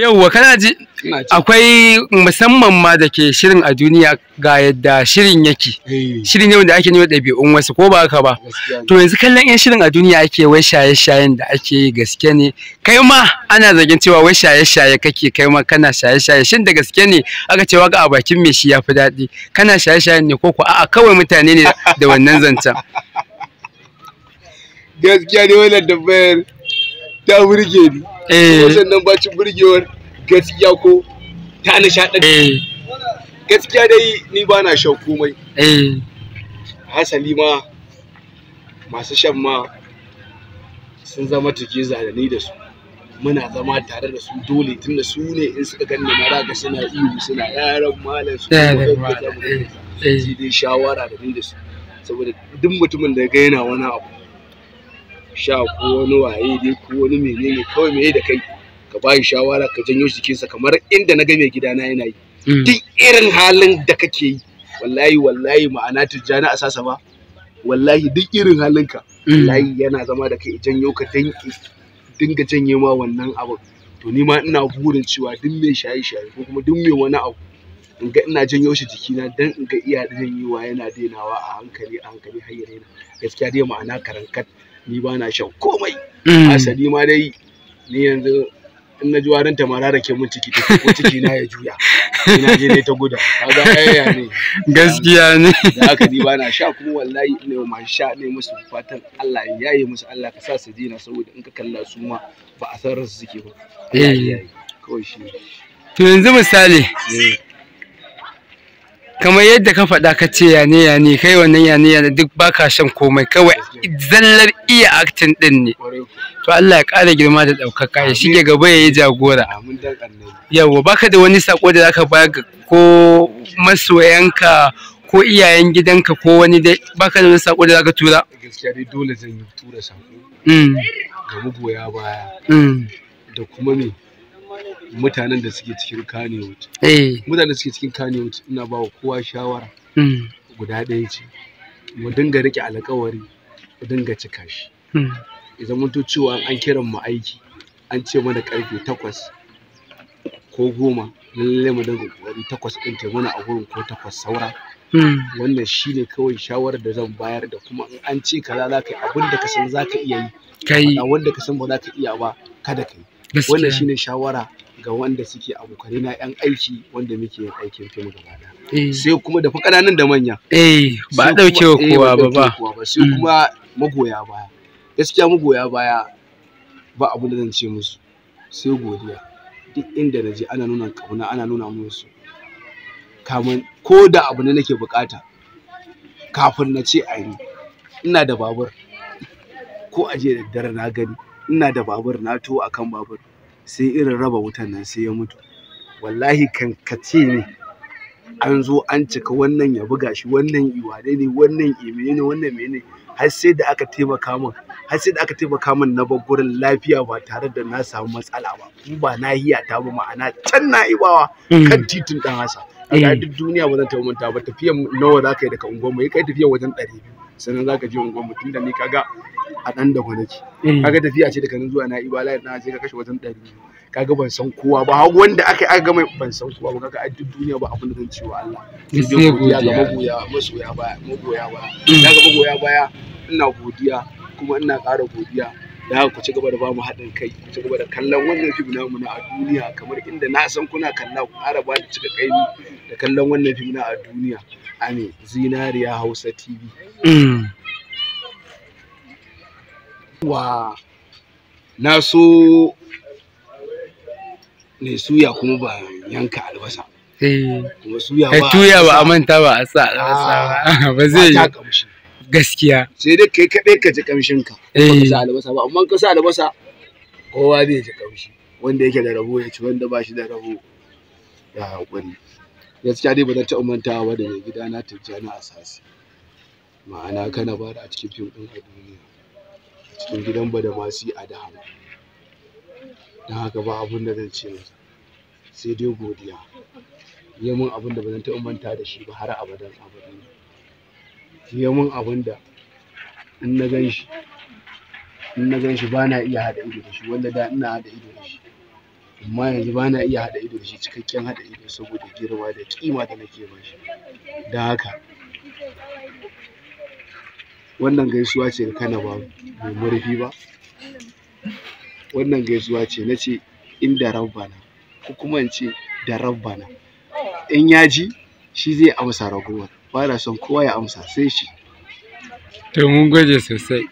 yauwa kana ji akwai musamman ma da ke shirin a duniya ga yadda shirin yake eh. shirin yau da ake nuna ɗabi'un wasu ko ba haka ba to yanzu kallon yan shirin a duniya ake wai shaye-shayen da ake yi gaske ne kai ma ana zargin cewa wai shaye-shaye kake kai ma kana shaye-shaye shin da gaske ne aka cewa ga a bakin mai shi ya fi daɗi kana shaye-shayen ne ko ko a'a kawai mutane ne da wannan zancen gaskiya ne wannan bayar ta burge ni sannan eh. bacin burgewar gaskiya ko ta nishaɗin eh. gaskiya dai ni ba na shan komai eh. hasali ma masu shan ma sun zama tuke zanani da su muna zama tare da su dole tun da su ne in suka ganni mara ga suna ihu suna yaran malam su ne shawara da ni da su saboda duk mutumin da ga yana wani abu sha ko wani waye ne ko wani menene kawai me da kai ka ba shi shawara ka janyo jikinsa kamar inda na ga mai na yana yi hmm. duk irin halin da kake yi wallahi wallahi ma'ana tijjani a sasa ba wallahi duk irin halinka hmm. wallahi yana zama da kai janyo ka danki dinga janye ma wannan abu to ni ma ina burin cewa duk mai shaye shaye ko kuma duk mai wani abu in ga ina janyo shi jikina dan in ga iya janyewa yana dainawa a hankali a hankali har ya daina gaskiya dai ma'ana karankat ni ba na shan komai mm. asali ma dai ni yanzu in na ji warin tamara da ke mun ciki ko ciki na ya juya ina je ne ta guda kaga ayya ne gaskiya ne da haka ni ba na sha kuma wallahi ina ma sha ne musu fatan Allah ya yi musu Allah ka sa su dina saboda in ka kalla su ma ba a san rasu suke ba eh kawai shi to yanzu misali eh. kamar yadda ka faɗa ka ce yane yane kai wannan yane yane duk baka shan komai kawai zallar iya aktin din ne to Allah ya ƙara girma da ɗaukaka ya shige gaba ya yi jagora yawa baka da wani sako da zaka ba ko masoyanka ko iyayen gidanka ko wani dai baka da wani sako da zaka tura gaskiya dai dole zan yi tura sako mm. ga magoya baya mm. da kuma me mutanen da suke cikin Kannywood. Eh. Mutanen da suke cikin kaniwut ina ba wa kowa shawara hmm. guda ɗaya ce. Mu dinga riƙe alƙawari mu dinga cika shi. Idan mun to cewa an kiran mu aiki an ce mana ƙarfe takwas ko goma lallai mu dinga ƙoƙari takwas ɗin ta mana a gurin ko takwas saura. Hmm. Wannan shine kawai shawarar da zan bayar da kuma in an ce ka za ka yi abin da ka san za ka iya yi. Kai. Wanda ka san ba za ka iya ba kada ka yi. Wannan shine shawara ga wanda suke abokane na yan aiki wanda muke yin aikin fim gaba daya eh. sai kuma da fa da manya eh ba a dauke wa eh, kowa ba ba sai mm. kuma magoya baya gaskiya magoya baya ba abu da zan ce musu sai godiya duk inda na je ana nuna kauna ana nuna musu kamar ko da abu ne nake bukata kafin na ce a yi ina da babur ko aje da daddare na gani ina da babur na to akan babur sai irin raba wutan nan sai ya mutu wallahi kan ce ne an zo an cika wannan ya buga shi wannan iwane ne wannan imene ne wannan mene har sai da aka taimaka min har sai da aka taimaka min na gurin lafiya ba tare da na samu matsala ba in ba nahiya ta ba ma'ana can na ibawa mm. kan titin dan hasa a mm. duk duniya ba zan taɓa manta ba tafiyan nawa za ka yi daga unguwar mu kai tafiyan wajen ɗari biyu sannan zaka je unguwar mu da ni kaga a dan da nake eh. kaga tafiya ce da nan zuwa na ibala na sai ka kashe wajen ɗari kaga ban san kowa ba har wanda aka aka gama ban san kowa ba kaga a duk duniya ba abin da zan ce wa Allah sai godiya ga magoya masoya baya magoya baya mm. kaga magoya baya ina godiya kuma ina ƙara godiya da haka ku ci gaba da ba mu haɗin kai ku ci gaba da kallon wannan fim namu na a duniya kamar inda na san kuna kalla ku ƙara ba da cika kaimi da kallon wannan fim na a duniya ame zinariya hausa tv wa na so ne suya kuma ba yanka albasa Eh, tuya ba a manta ba a sa albasa ba, ah, ba zai yi. gaskiya sai dai kai kaɗai ka ji kamshin ka ba eh. albasa ba amma ka sa albasa kowa zai ji kamshi wanda yake da rabo ya ci wanda ba shi da rabo ya haƙuri gaskiya dai ba taba manta ba da mai gida na tijjani asasi ma'ana kana ba da a cikin fim din a duniya a cikin gidan ba yi a dahama don haka ba abin da zan ce masa sai dai godiya yi min abin da ba zan manta da shi ba har abadan abadan ya mun abin da in na gan shi in na gan shi ba na iya haɗa ido da shi wanda da ina haɗa ido da shi amma yanzu ba na iya haɗa ido da shi cikakken haɗa ido saboda girma da kima da nake ba shi don haka wannan gaisuwa ce da kana ba mu murfi ba wannan gaisuwa ce na ce in da rabbana ko kuma in ce da rabbana in ya ji shi zai amsa ragowar ba na son kowa ya amsa sai shi. To mun gode sosai.